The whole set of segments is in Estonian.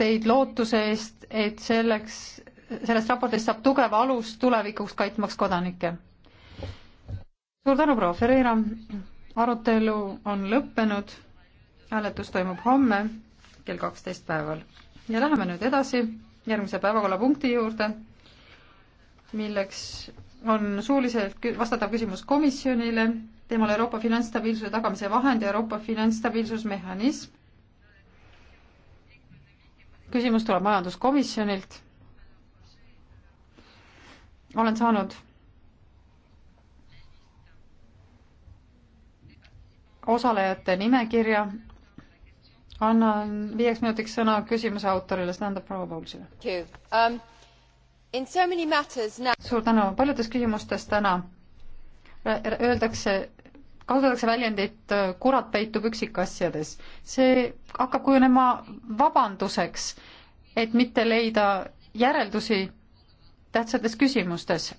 teid lootuse eest, et selleks, sellest raportist saab tugev alus tulevikuks kaitsmaks kodanikke. suur tänu, proua Ferreira, arutelu on lõppenud, hääletus toimub homme kell kaksteist päeval ja läheme nüüd edasi järgmise päevakorrapunkti juurde, milleks on suuliselt vastatav küsimus komisjonile, teemal Euroopa finantsstabiilsuse tagamise vahend ja Euroopa finantsstabiilsusmehhanism küsimus tuleb majanduskomisjonilt. olen saanud osalejate nimekirja. annan viieks minutiks sõna küsimuse autorile, see tähendab proua Paulsile. Um, suur tänu, paljudes küsimustes täna öeldakse kasutatakse väljendit äh, kurat peitub üksikasjades. see hakkab kujunema vabanduseks, et mitte leida järeldusi tähtsates küsimustes.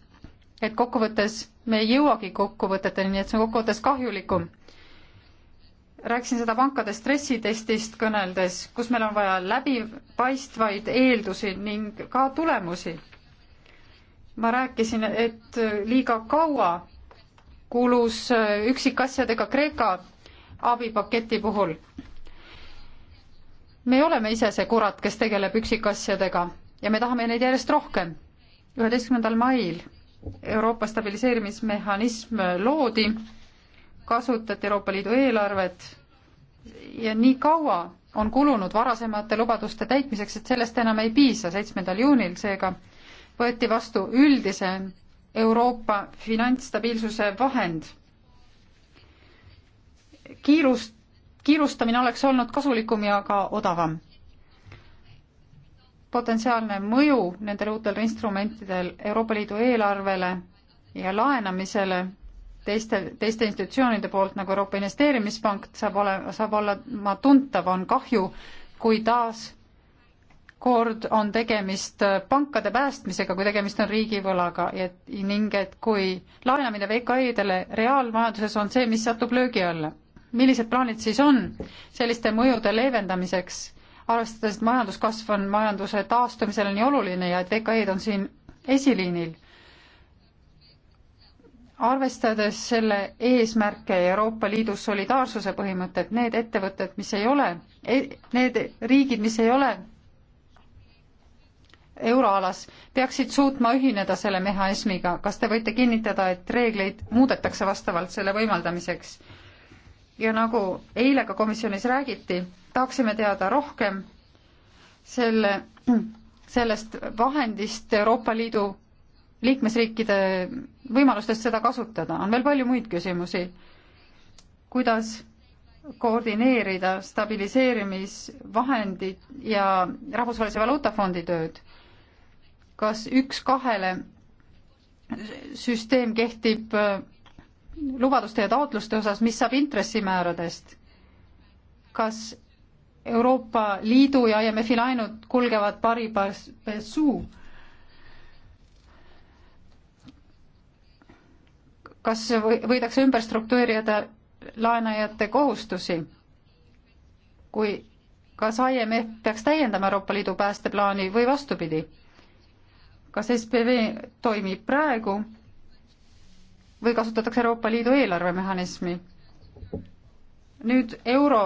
et kokkuvõttes me ei jõuagi kokkuvõteteni, nii et see on kokkuvõttes kahjulikum. rääkisin seda pankade stressitestist kõneldes, kus meil on vaja läbipaistvaid eeldusi ning ka tulemusi. ma rääkisin, et liiga kaua kulus äh, üksikasjadega Kreeka abipaketi puhul. me oleme ise see kurat, kes tegeleb üksikasjadega ja me tahame neid järjest rohkem. üheteistkümnendal mail Euroopa stabiliseerimismehhanism loodi, kasutati Euroopa Liidu eelarvet ja nii kaua on kulunud varasemate lubaduste täitmiseks, et sellest enam ei piisa. seitsmendal juunil seega võeti vastu üldisem Euroopa finantsstabiilsuse vahend. kiirust, kiirustamine oleks olnud kasulikum ja ka odavam. potentsiaalne mõju nendel uutel instrumentidel Euroopa Liidu eelarvele ja laenamisele teiste, teiste institutsioonide poolt, nagu Euroopa Investeerimispank, saab ole, saab olema tuntav, on kahju, kui taas kord on tegemist pankade päästmisega, kui tegemist on riigivõlaga ja ning et kui laenamine VKI-dele reaalmajanduses on see, mis satub löögi alla. millised plaanid siis on selliste mõjude leevendamiseks, arvestades, et majanduskasv on majanduse taastumisel nii oluline ja et VKI-d on siin esiliinil? arvestades selle eesmärke ja Euroopa Liidu solidaarsuse põhimõtet, need ettevõtted, mis ei ole, e-, need riigid, mis ei ole euroalas peaksid suutma ühineda selle mehhanismiga. kas te võite kinnitada, et reegleid muudetakse vastavalt selle võimaldamiseks? ja nagu eile ka komisjonis räägiti, tahaksime teada rohkem selle, sellest vahendist Euroopa Liidu liikmesriikide võimalustest seda kasutada. on veel palju muid küsimusi. kuidas koordineerida stabiliseerimisvahendid ja Rahvusvahelise Valuutafondi tööd? kas üks-kahele süsteem kehtib äh, lubaduste ja taotluste osas, mis saab intressimääradest? kas Euroopa Liidu ja IMF-i laenud kulgevad paribas suu? kas võidakse ümber struktureerida laenajate kohustusi? kui, kas IMF peaks täiendama Euroopa Liidu päästeplaani või vastupidi? kas SPV toimib praegu või kasutatakse Euroopa Liidu eelarvemehhanismi. nüüd euro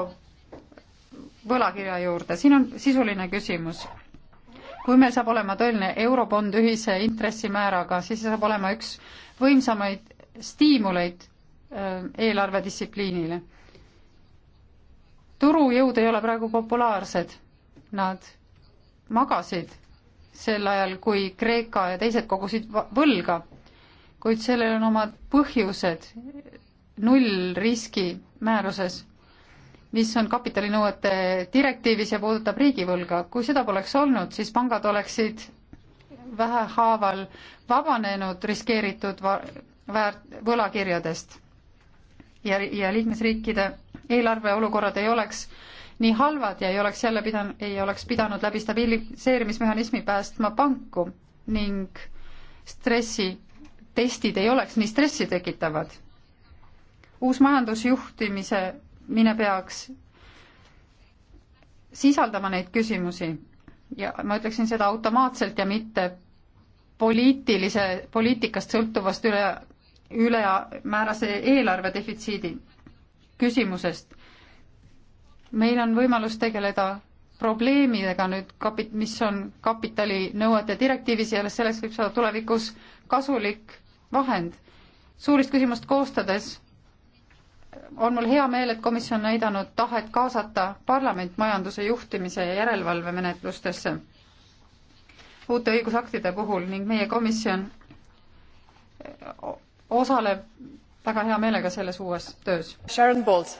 võlakirja juurde, siin on sisuline küsimus. kui meil saab olema tõeline eurobond ühise intressimääraga, siis see saab olema üks võimsamaid stiimuleid äh, eelarvedistsipliinile. turujõud ei ole praegu populaarsed, nad magasid sel ajal, kui Kreeka ja teised kogusid võlga, kuid sellel on omad põhjused nullriski määruses, mis on kapitalinõuete direktiivis ja puudutab riigivõlga. kui seda poleks olnud, siis pangad oleksid vähehaaval vabanenud riskeeritud väärt-, võlakirjadest ja, ja liikmesriikide eelarve olukorrad ei oleks nii halvad ja ei oleks jälle pidanud, ei oleks pidanud läbi stabiliseerimismehhanismi päästma panku ning stressitestid ei oleks nii stressi tekitavad. uus majandusjuhtimise mine peaks sisaldama neid küsimusi ja ma ütleksin seda automaatselt ja mitte poliitilise, poliitikast sõltuvast üle, ülemäärase eelarve defitsiidi küsimusest meil on võimalus tegeleda probleemidega nüüd kapi-, mis on kapitalinõuete direktiivis ja selleks võib saada tulevikus kasulik vahend. suulist küsimust koostades on mul hea meel, et komisjon on näidanud tahet kaasata parlament majanduse juhtimise ja järelevalve menetlustesse uute õigusaktide puhul ning meie komisjon osaleb väga hea meelega selles uues töös. Sharon Bolt,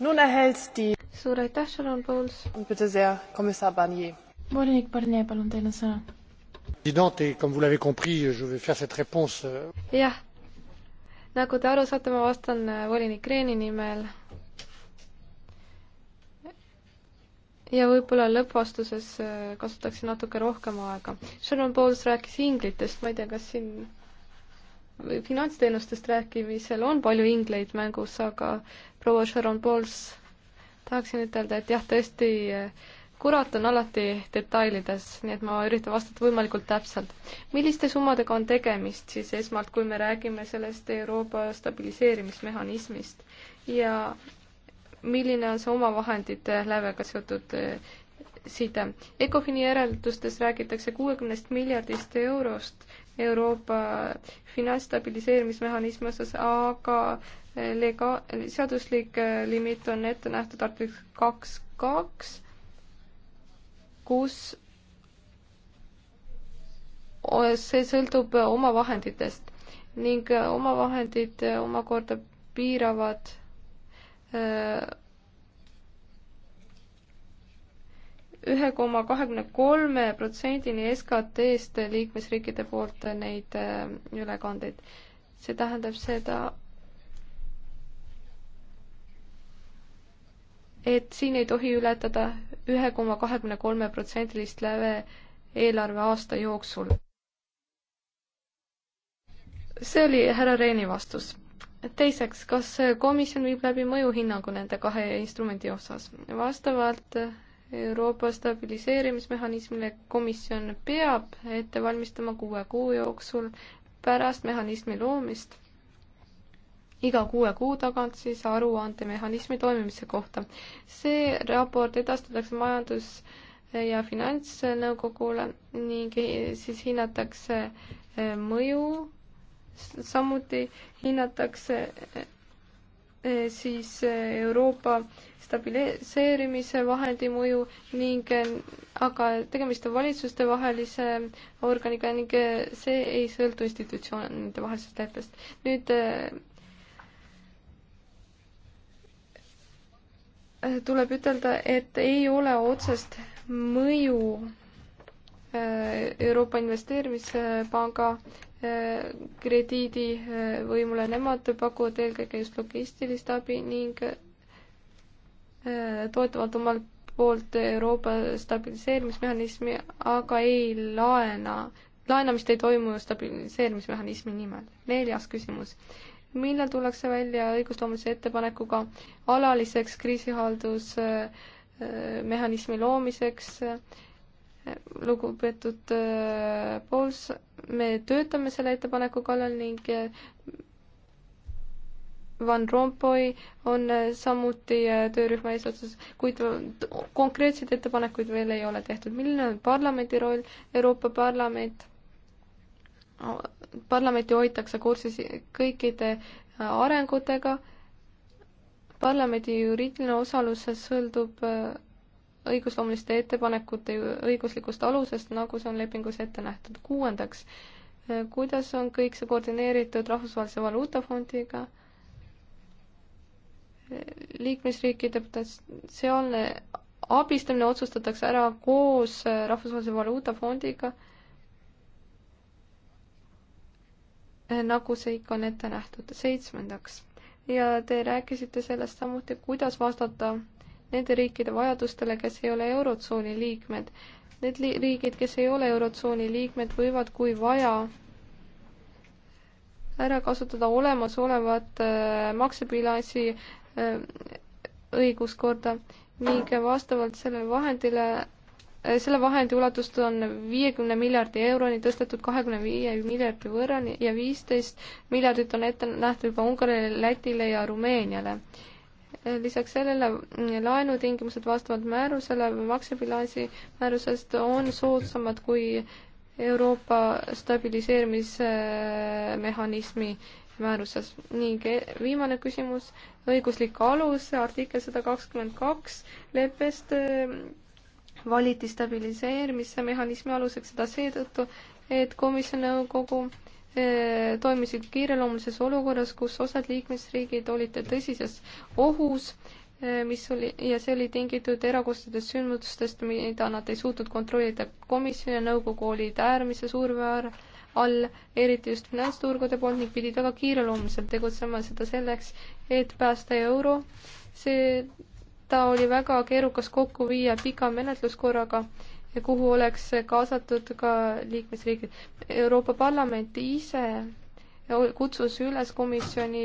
nun erhält die suur aitäh, Sharon Pauls. volinik Barnier, palun, teil on sõna. Euh, jah, nagu te aru saate, ma vastan äh, volinik Reeni nimel. ja võib-olla lõppvastuses äh, kasutaksin natuke rohkem aega. Sharon Pauls rääkis inglitest, ma ei tea, kas siin finantsteenustest rääkimisel on palju ingleid mängus, aga proua Sharon Pauls tahaksin ütelda, et jah, tõesti, kurat on alati detailides, nii et ma üritan vastata võimalikult täpselt. milliste summadega on tegemist siis esmalt, kui me räägime sellest Euroopa stabiliseerimismehhanismist ja milline on see omavahendite lävega seotud eh, side. ECOFIN-i järeldustes räägitakse kuuekümnest miljardist eurost Euroopa finantsstabiliseerimismehhanismi osas, aga lega-, seaduslik äh, limiit on ette nähtud artiklis kaks kaks, kus see sõltub omavahenditest ning äh, omavahendid äh, omakorda piiravad ühe koma kahekümne kolme protsendini SKT-st liikmesriikide poolt neid ülekandeid. see tähendab seda, et siin ei tohi ületada ühe koma kahekümne kolme protsendilist läve eelarve aasta jooksul. see oli härra Reini vastus. teiseks, kas komisjon viib läbi mõjuhinnangu nende kahe instrumendi osas? vastavalt Euroopa stabiliseerimismehhanismile komisjon peab ette valmistama kuue kuu jooksul pärast mehhanismi loomist iga kuue kuu tagant siis aruandemehhanismi toimimise kohta. see raport edastatakse majandus- ja finantsnõukogule ning siis hinnatakse e, mõju, samuti hinnatakse e, siis e, Euroopa stabiliseerimise vahendi mõju ning aga tegemist on valitsustevahelise organiga ning see ei sõltu institutsioonide vahelisest leppest. nüüd tuleb ütelda, et ei ole otsest mõju äh, Euroopa Investeerimispanga äh, krediidivõimule, nemad pakuvad eelkõige just logistilist abi ning äh, toetavad omalt poolt Euroopa stabiliseerimismehhanismi, aga ei laena, laenamist ei toimu stabiliseerimismehhanismi nimel. neljas küsimus millal tullakse välja õigusloomelise ettepanekuga alaliseks kriisihaldusmehhanismi loomiseks. lugupeetud äh, Pauls, me töötame selle ettepaneku kallal ning äh, Van Rompuy on äh, samuti töörühma eesotsas, kuid konkreetseid ettepanekuid veel ei ole tehtud. milline on parlamendi roll, Euroopa Parlament? parlamenti hoitakse kursis kõikide arengutega, parlamendi juriidiline osalus sõltub äh, õigusloomuliste ettepanekute õiguslikust alusest, nagu see on lepingus ette nähtud. kuuendaks, äh, kuidas on kõik see koordineeritud Rahvusvahelise Valuutafondiga? Äh, liikmesriikide potentsiaalne abistamine otsustatakse ära koos Rahvusvahelise Valuutafondiga Äh, nagu see ikka on ette nähtud. seitsmendaks, ja te rääkisite sellest samuti, kuidas vastata nende riikide vajadustele, kes ei ole Eurotsooni liikmed. Need li riigid, kes ei ole Eurotsooni liikmed, võivad, kui vaja, ära kasutada olemasolevat äh, maksebilansi äh, õiguskorda ning vastavalt sellele vahendile selle vahendi ulatust on viiekümne miljardi euroni tõstetud kahekümne viie miljardi võrrani ja viisteist miljardit on ette nähtud juba Ungarile, Lätile ja Rumeeniale. lisaks sellele mm, laenutingimused vastavalt määrusele, maksebilansi määrusest on soodsamad kui Euroopa stabiliseerimismehhanismi määruses. ning e-, viimane küsimus, õiguslik alus, artikkel sada kakskümmend kaks leppest mm, valiti stabiliseerimise mehhanismi aluseks, seda seetõttu, et komisjon nõukogu eh, toimisid kiireloomulises olukorras, kus osad liikmesriigid olid tõsises ohus, eh, mis oli ja see oli tingitud erakordsetest sündmustest, mida nad ei suutnud kontrollida. komisjon ja nõukogu olid äärmise surve all, eriti just finantsturgude poolt ning pidid väga kiireloomuliselt tegutsema seda selleks, et päästa euro. see ta oli väga keerukas kokku viia pika menetluskorraga, kuhu oleks kaasatud ka liikmesriigid. Euroopa Parlament ise kutsus üles komisjoni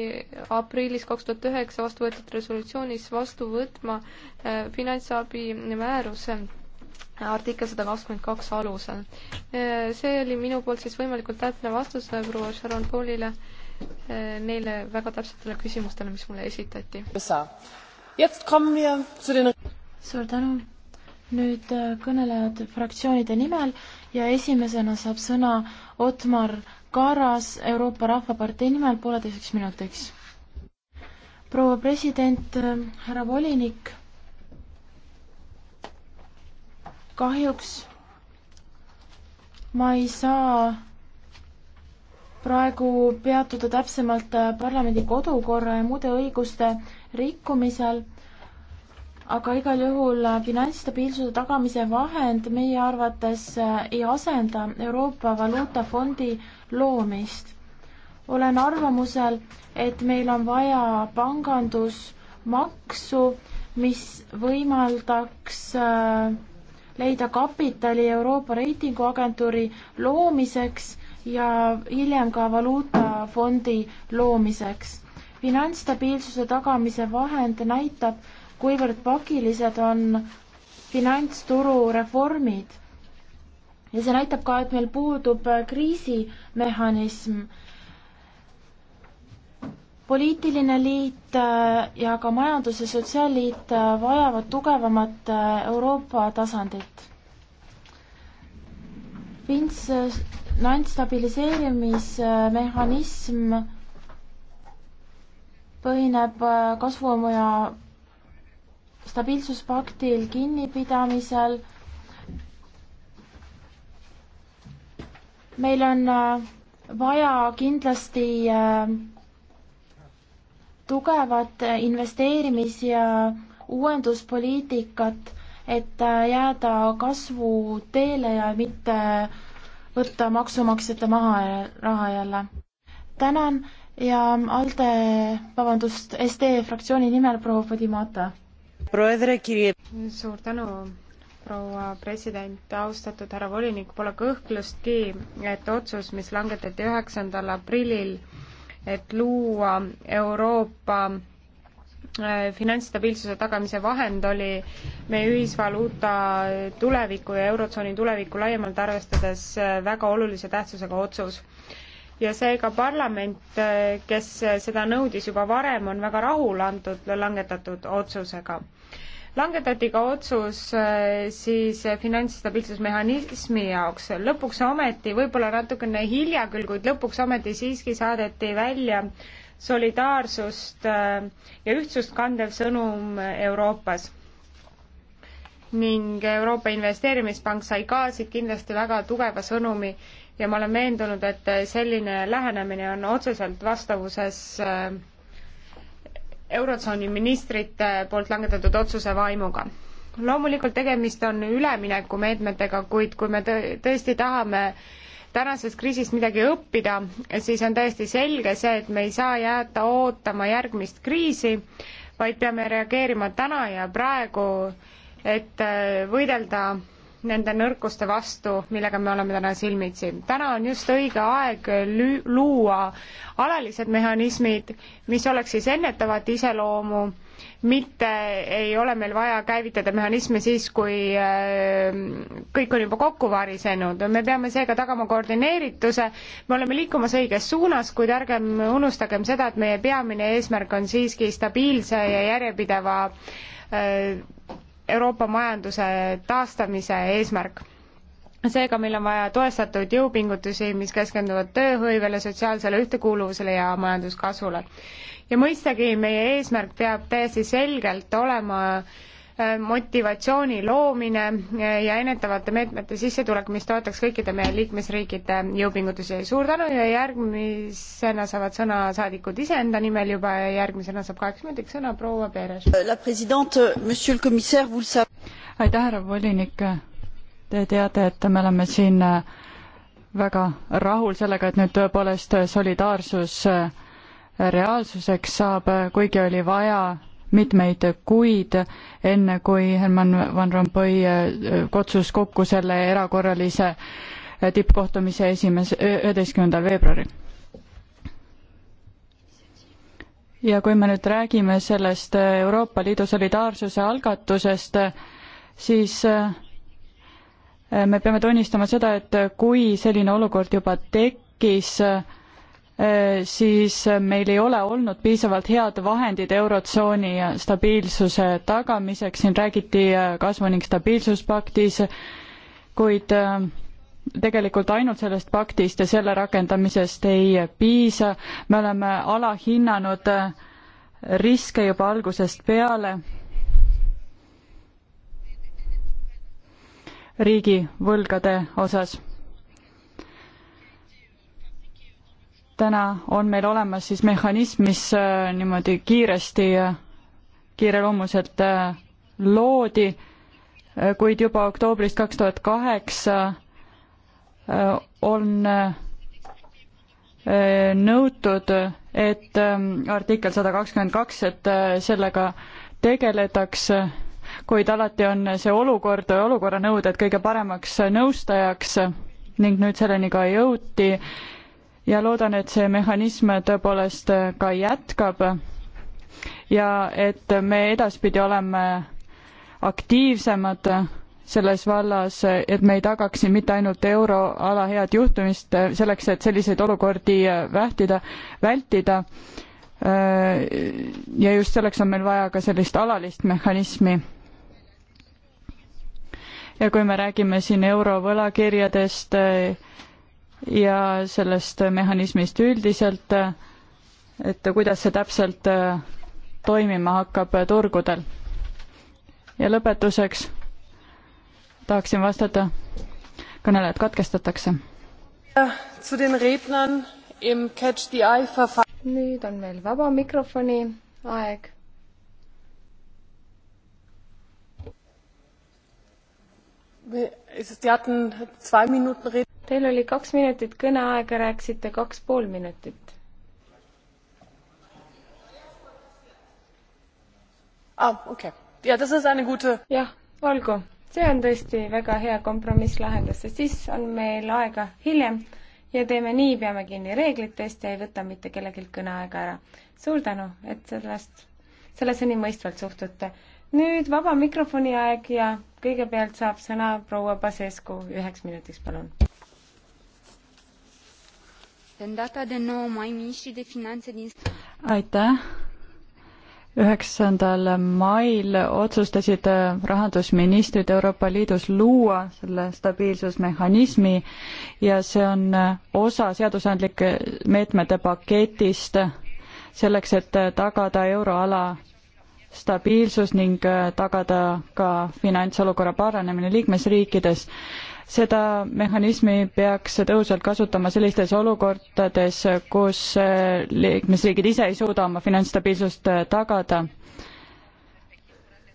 aprillis kaks tuhat üheksa vastu võetud resolutsioonis vastu võtma äh, finantsabi määruse artikkel sada kakskümmend kaks alusel. Äh, see oli minu poolt siis võimalikult täpne vastus äh, proua Sharon Paulile neile väga täpsetele küsimustele, mis mulle esitati suur tänu. nüüd äh, kõnelejad fraktsioonide nimel ja esimesena saab sõna Otmar Karas Euroopa Rahvapartei nimel pooleteiseks minutiks. proua president, äh, härra volinik, kahjuks ma ei saa praegu peatuda täpsemalt äh, parlamendi kodukorra ja muude õiguste rikkumisel, aga igal juhul finantsstabiilsuse tagamise vahend meie arvates ei asenda Euroopa Valuutafondi loomist. olen arvamusel, et meil on vaja pangandusmaksu, mis võimaldaks äh, leida kapitali Euroopa reitinguagentuuri loomiseks ja hiljem ka valuutafondi loomiseks finantsstabiilsuse tagamise vahend näitab, kuivõrd pakilised on finantsturu reformid. ja see näitab ka, et meil puudub kriisimehhanism. poliitiline liit äh, ja ka majandus- ja sotsiaalliit äh, vajavad tugevamat äh, Euroopa tasandit. finants stabiliseerimismehhanism põhineb äh, kasvumaja stabiilsuspaktil kinnipidamisel. meil on äh, vaja kindlasti äh, tugevat investeerimis- ja uuenduspoliitikat, et jääda kasvuteele ja mitte võtta maksumaksjate maha raha jälle. tänan ja ALDE, vabandust, SD fraktsiooni nimel proua Podimata. suur tänu, proua president, austatud härra volinik, pole kõhklustki, et otsus, mis langetati üheksandal aprillil, et luua Euroopa äh, finantsstabiilsuse tagamise vahend oli meie ühisvaluuta tuleviku ja Eurotsooni tulevikku laiemalt arvestades äh, väga olulise tähtsusega otsus ja seega parlament, kes seda nõudis juba varem, on väga rahul antud langetatud otsusega. langetati ka otsus eh, siis finantsstabiilsusmehhanismi jaoks, lõpuks ometi, võib-olla natukene hilja küll, kuid lõpuks ometi siiski saadeti välja solidaarsust eh, ja ühtsust kandev sõnum Euroopas ning Euroopa Investeerimispank sai ka siit kindlasti väga tugeva sõnumi ja ma olen veendunud, et selline lähenemine on otseselt vastavuses äh, Eurotsooni ministrite poolt langetatud otsuse vaimuga. loomulikult tegemist on üleminekumeetmetega, kuid kui me tõesti tahame tänasest kriisist midagi õppida, siis on täiesti selge see, et me ei saa jääda ootama järgmist kriisi, vaid peame reageerima täna ja praegu, et äh, võidelda nende nõrkuste vastu, millega me oleme täna silmitsi. täna on just õige aeg luua alalised mehhanismid, mis oleks siis ennetavat iseloomu, mitte ei ole meil vaja käivitada mehhanisme siis, kui äh, kõik on juba kokku varisenud. me peame seega tagama koordineerituse, me oleme liikumas õiges suunas, kuid ärgem unustagem seda, et meie peamine eesmärk on siiski stabiilse ja järjepideva äh, Euroopa majanduse taastamise eesmärk seega meil on vaja toestatud jõupingutusi, mis keskenduvad tööhõivele, sotsiaalsele ühtekuuluvusele ja majanduskasvule. ja mõistagi, meie eesmärk peab täiesti selgelt olema äh, Äh, motivatsiooni loomine ja ennetavate meetmete sissetulek, mis toetaks kõikide meie liikmesriikide jõupingutusi. suur tänu ja järgmisena saavad sõna saadikud iseenda nimel juba ja järgmisena saab kaheks minutiks sõna proua Peres. Euh, aitäh, härra volinik. Te teate, et me oleme siin äh, väga rahul sellega, et nüüd tõepoolest solidaarsus äh, reaalsuseks saab, kuigi oli vaja mitmeid kuid, enne kui Herman Van Rompuy äh, kutsus kokku selle erakorralise äh, tippkohtumise esimese, üheteistkümnendal veebruaril. ja kui me nüüd räägime sellest äh, Euroopa Liidu solidaarsuse algatusest, siis me peame tunnistama seda, et kui selline olukord juba tekkis, Äh, siis äh, meil ei ole olnud piisavalt head vahendid Eurotsooni stabiilsuse tagamiseks, siin räägiti äh, kasvu- ning stabiilsuspaktis, kuid tegelikult ainult sellest paktist ja selle rakendamisest ei piisa, me oleme alahinnanud riske juba algusest peale. riigivõlgade osas täna on meil olemas siis mehhanism, mis äh, niimoodi kiiresti, äh, kiireloomuliselt äh, loodi, kuid juba oktoobrist kaks tuhat kaheksa on nõutud, et ähm, artikkel sada kakskümmend kaks, et sellega tegeletakse, kuid alati on see olukord, olukorranõuded kõige paremaks nõustajaks ning nüüd selleni ka jõuti ja loodan, et see mehhanism tõepoolest ka jätkab ja et me edaspidi oleme aktiivsemad selles vallas, et me ei tagaks siin mitte ainult euroala head juhtumist, selleks et selliseid olukordi vähtida, vältida. ja just selleks on meil vaja ka sellist alalist mehhanismi. ja kui me räägime siin eurovõlakirjadest, ja sellest mehhanismist üldiselt, et kuidas see täpselt äh, toimima hakkab äh, turgudel. ja lõpetuseks tahaksin vastata, kõnelejad katkestatakse. Äh, nüüd on meil vaba mikrofoni aeg Sie hatten zwei Minuten Rede. Teil oli kaks minutit kõneaega, rääkisite kaks pool minutit ah,. Okay. Ja, gute... jah, olgu, see on tõesti väga hea kompromisslahendus, sest siis on meil aega hiljem ja teeme nii, peame kinni reeglitest ja ei võta mitte kellelgi kõneaega ära. suur tänu, et sellest, sellesse nii mõistvalt suhtute. nüüd vaba mikrofoni aeg ja kõigepealt saab sõna proua Pasescu üheks minutiks, palun în data de 9 mai, ministrii de finanțe din... Aitäh! üheksandal mail otsustasid äh, rahandusministrid Euroopa Liidus luua selle stabiilsusmehhanismi ja see on äh, osa seadusandlike meetmete paketist selleks, et äh, tagada euroala stabiilsus ning tagada ka finantsolukorra paranemine liikmesriikides seda mehhanismi peaks tõhusalt kasutama sellistes olukordades, kus eh, liikmesriigid ise ei suuda oma finantsstabiilsust eh, tagada.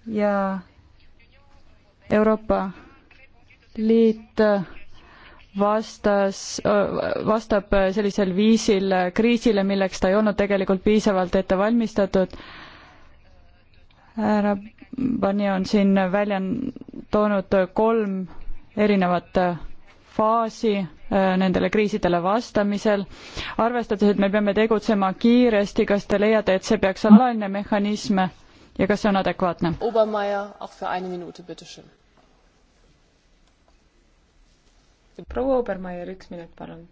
ja Euroopa Liit vastas, vastab sellisel viisil kriisile, milleks ta ei olnud tegelikult piisavalt ette valmistatud. härra Bani on siin välja toonud kolm erinevat äh, faasi äh, nendele kriisidele vastamisel, arvestades, et me peame tegutsema kiiresti, kas te leiate, et see peaks olema alaline mehhanism ja kas see on adekvaatne? proua Obermeier, üks minut, palun.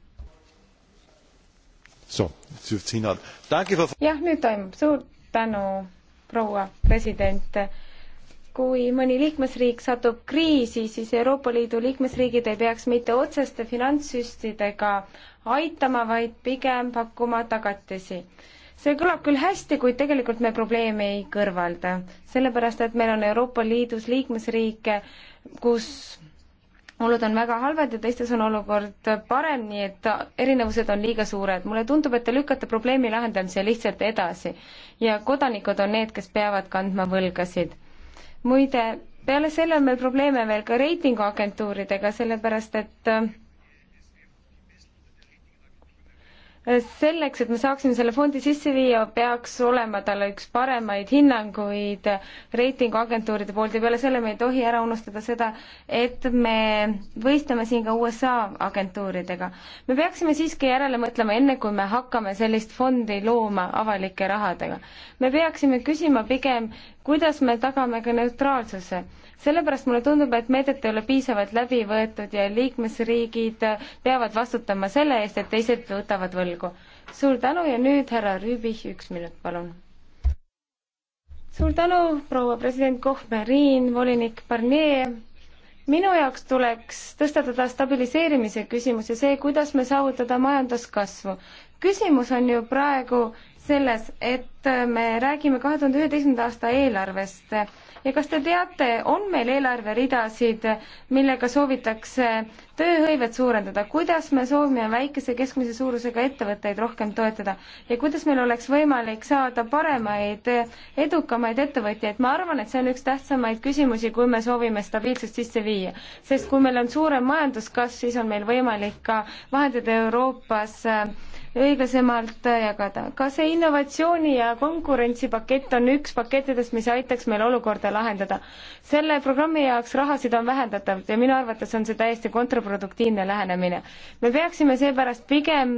jah, nüüd toimub, suur tänu, proua president kui mõni liikmesriik satub kriisi, siis Euroopa Liidu liikmesriigid ei peaks mitte otseste finantssüstidega aitama, vaid pigem pakkuma tagatisi. see kõlab küll hästi, kuid tegelikult me probleemi ei kõrvalda, sellepärast et meil on Euroopa Liidus liikmesriike, kus olud on väga halvad ja teistes on olukord parem, nii et erinevused on liiga suured. mulle tundub, et te lükkate probleemi lahendamise lihtsalt edasi ja kodanikud on need, kes peavad kandma võlgasid muide, peale selle on meil probleeme veel ka reitinguagentuuridega, sellepärast et äh, selleks, et me saaksime selle fondi sisse viia, peaks olema talle üks paremaid hinnanguid reitinguagentuuride poolt ja peale selle me ei tohi ära unustada seda, et me võistleme siin ka USA agentuuridega. me peaksime siiski järele mõtlema, enne kui me hakkame sellist fondi looma avalike rahadega. me peaksime küsima pigem, kuidas me tagame ka neutraalsuse sellepärast mulle tundub, et meedet ei ole piisavalt läbi võetud ja liikmesriigid peavad vastutama selle eest, et teised võtavad võlgu. suur tänu ja nüüd härra Rüübich, üks minut, palun. suur tänu, proua president Kohmeriin, volinik Barnier minu jaoks tuleks tõstatada stabiliseerimise küsimus ja see, kuidas me saavutada majanduskasvu. küsimus on ju praegu selles, et me räägime kahe tuhande üheteistkümnenda aasta eelarvest ja kas te teate, on meil eelarveridasid, millega soovitakse tööhõivet suurendada, kuidas me soovime väikese keskmise suurusega ettevõtteid rohkem toetada ja kuidas meil oleks võimalik saada paremaid, edukamaid ettevõtjaid, ma arvan, et see on üks tähtsamaid küsimusi, kui me soovime stabiilsust sisse viia. sest kui meil on suurem majanduskasv, siis on meil võimalik ka vahendada Euroopas äh, õiglasemalt jagada. kas see innovatsiooni ja konkurentsipakett on üks pakettidest, mis aitaks meil olukorda lahendada? selle programmi jaoks rahasid on vähendatav ja minu arvates on see täiesti kontraproduktiivne lähenemine. me peaksime seepärast pigem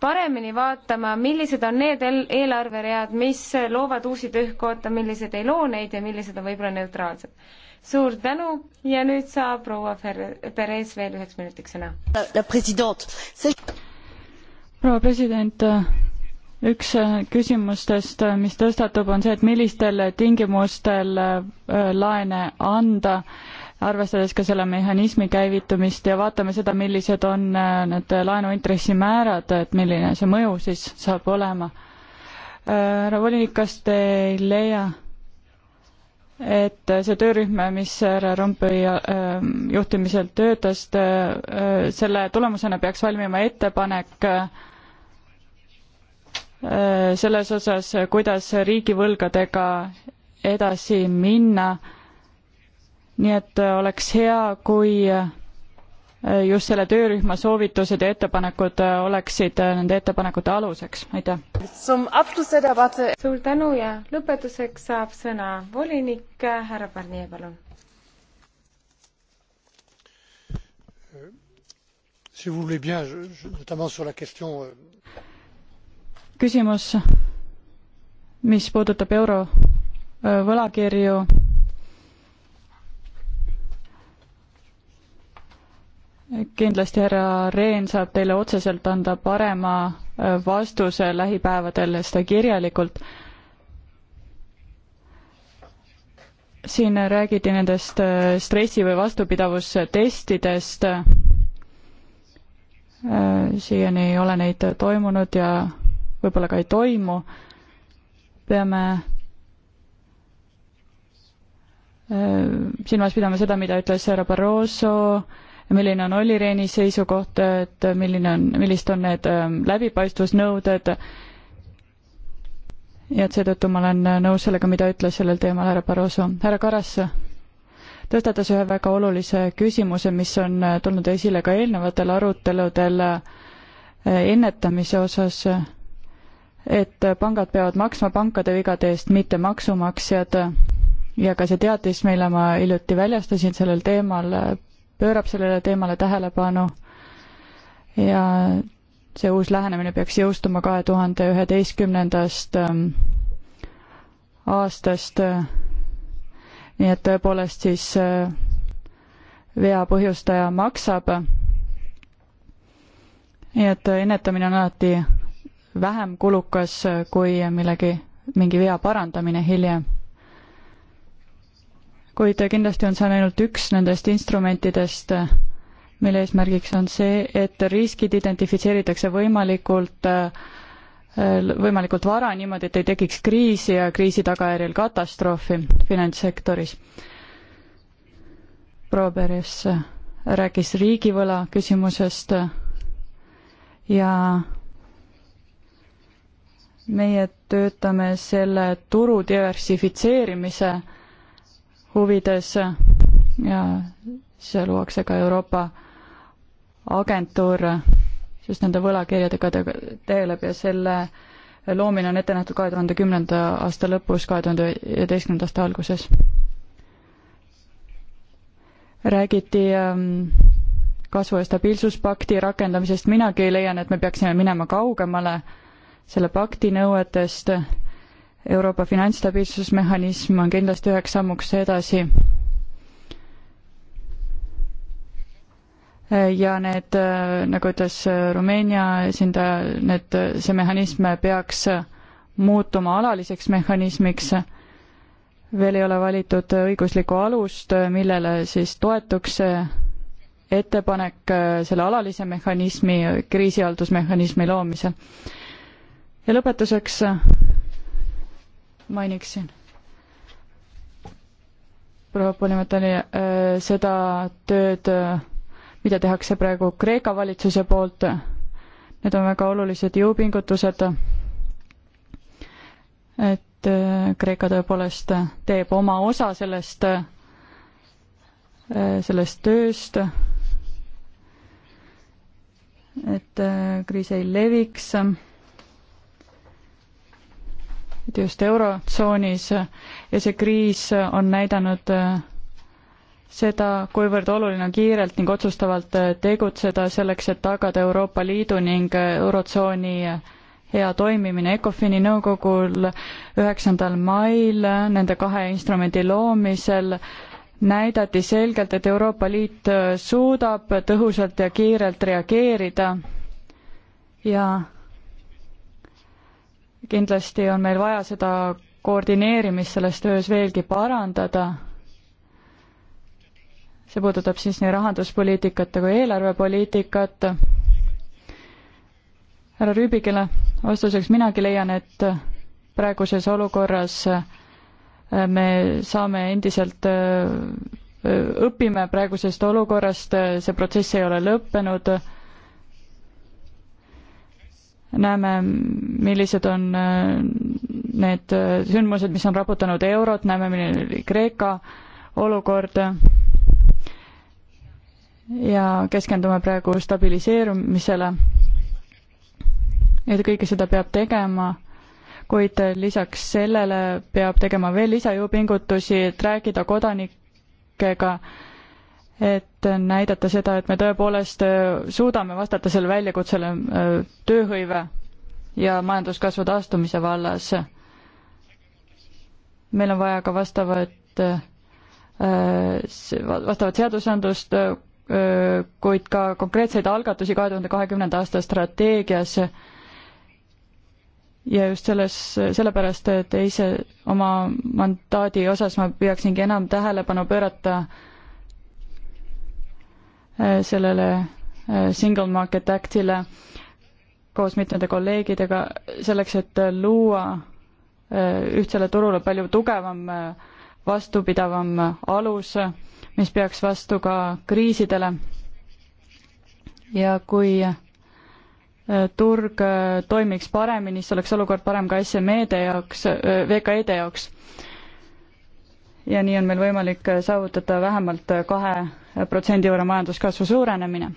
paremini vaatama, millised on need eelarveread, mis loovad uusi töökohta, millised ei loo neid ja millised on võib-olla neutraalsed. suur tänu ja nüüd saab proua Perez veel üheks minutiks sõna proua president, üks äh, küsimustest, äh, mis tõstatub, on see, et millistel tingimustel äh, laene anda, arvestades ka selle mehhanismi käivitumist ja vaatame seda, millised on need laenu intressimäärad, et milline see mõju siis saab olema. härra volinik, kas te ei leia, et see töörühm, mis härra Rompuy ähm, juhtimisel töötas, äh, selle tulemusena peaks valmima ettepanek äh, selles osas, kuidas riigivõlgadega edasi minna. nii et oleks hea, kui just selle töörühma soovitused ja ettepanekud äh, oleksid äh, nende ettepanekute aluseks, aitäh. suur tänu ja lõpetuseks saab sõna volinik äh, härra Barnier, palun. Euh, euh, küsimus, mis puudutab euro võlakirju kindlasti härra Rehn saab teile otseselt anda parema äh, vastuse lähipäevadel seda kirjalikult. siin räägiti nendest äh, stressi- või vastupidavustestidest. Äh, siiani ei ole neid toimunud ja võib-olla ka ei toimu. peame silmas pidama seda, mida ütles härra Barroso milline on Olli Rehni seisukoht, et milline on, millised on need ähm, läbipaistvusnõuded ja et seetõttu ma olen äh, nõus sellega, mida ütles sellel teemal härra Barroso. härra Karas tõstatas ühe väga olulise küsimuse, mis on äh, tulnud esile ka eelnevatel aruteludel äh, ennetamise osas, et pangad peavad maksma pankade vigade eest, mitte maksumaksjad ja ka see teatis, mille ma hiljuti väljastasin sellel teemal, pöörab sellele teemale tähelepanu ja see uus lähenemine peaks jõustuma kahe tuhande üheteistkümnendast ähm, aastast. nii et tõepoolest siis äh, vea põhjustaja maksab. nii et ennetamine on alati vähem kulukas äh, kui millegi, mingi vea parandamine hiljem kuid kindlasti on see on ainult üks nendest instrumentidest, mille eesmärgiks on see, et riskid identifitseeritakse võimalikult äh, võimalikult vara, niimoodi, et ei tekiks kriisi ja kriisi tagajärjel katastroofi finantssektoris. Proberis rääkis riigivõla küsimusest ja meie töötame selle turu diversifitseerimise huvides ja siis luuakse ka Euroopa agentuur just nende võlakirjadega tegeleb ja selle loomine on ette nähtud kahe tuhande kümnenda aasta lõpus, kahe tuhande üheteistkümnenda aasta alguses. räägiti ähm, kasvu- ja stabiilsuspakti rakendamisest, minagi leian, et me peaksime minema kaugemale selle pakti nõuetest Euroopa finantsstabiilsusmehhanism on kindlasti üheks sammuks edasi. ja need, nagu ütles Rumeenia esindaja, need, see mehhanism peaks muutuma alaliseks mehhanismiks, veel ei ole valitud õiguslikku alust, millele siis toetuks see ettepanek selle alalise mehhanismi, kriisihaldusmehhanismi loomisel. ja lõpetuseks mainiksin. proua Polimatani äh, seda tööd, äh, mida tehakse praegu Kreeka valitsuse poolt, need on väga olulised jõupingutused, et äh, Kreeka tõepoolest teeb oma osa sellest, sellest tööst, et kriis ei leviks et just Eurotsoonis ja see kriis on näidanud äh, seda, kuivõrd oluline on kiirelt ning otsustavalt äh, tegutseda selleks, et tagada Euroopa Liidu ning äh, Eurotsooni hea toimimine ECOFIN-i nõukogul üheksandal mail nende kahe instrumendi loomisel näidati selgelt, et Euroopa Liit suudab tõhusalt ja kiirelt reageerida ja kindlasti on meil vaja seda koordineerimist selles töös veelgi parandada. see puudutab siis nii rahanduspoliitikat kui eelarvepoliitikat. härra Rüübikile vastuseks minagi leian, et praeguses olukorras äh, me saame endiselt äh, õpime praegusest olukorrast, äh, see protsess ei ole lõppenud näeme, millised on äh, need äh, sündmused, mis on raputanud eurot, näeme, milline oli Kreeka olukord ja keskendume praegu stabiliseerumisele. et kõike seda peab tegema, kuid lisaks sellele peab tegema veel lisajõupingutusi, et rääkida kodanikega äh, et näidata seda, et me tõepoolest äh, suudame vastata selle väljakutsele äh, tööhõive ja majanduskasvu taastumise vallas. meil on vaja ka vastavat, äh, vastavat seadusandlust, kuid ka konkreetseid algatusi kahe tuhande kahekümnenda aasta strateegias. ja just selles, sellepärast teise oma mandaadi osas ma püüaksingi enam tähelepanu pöörata äh, Äh, sellele äh, Single Market Actile koos mitmete kolleegidega selleks, et äh, luua ühtsele turule palju tugevam, vastupidavam alus, mis peaks vastu ka kriisidele. ja kui turg toimiks paremini, siis oleks olukord parem ka SME-de jaoks, VKE-de jaoks ja nii on meil võimalik saavutada vähemalt kahe protsendi võrra majanduskasvu suurenemine.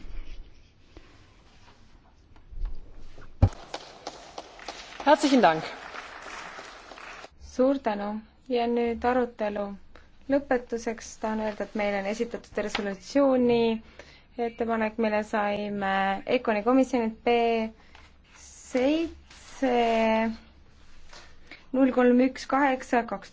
suur tänu ja nüüd arutelu lõpetuseks tahan öelda, et meile on esitatud resolutsiooni ettepanek, mille saime EKONi komisjonilt B seitse null kolm üks kaheksa kaks tuhat